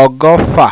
ọgọ́fà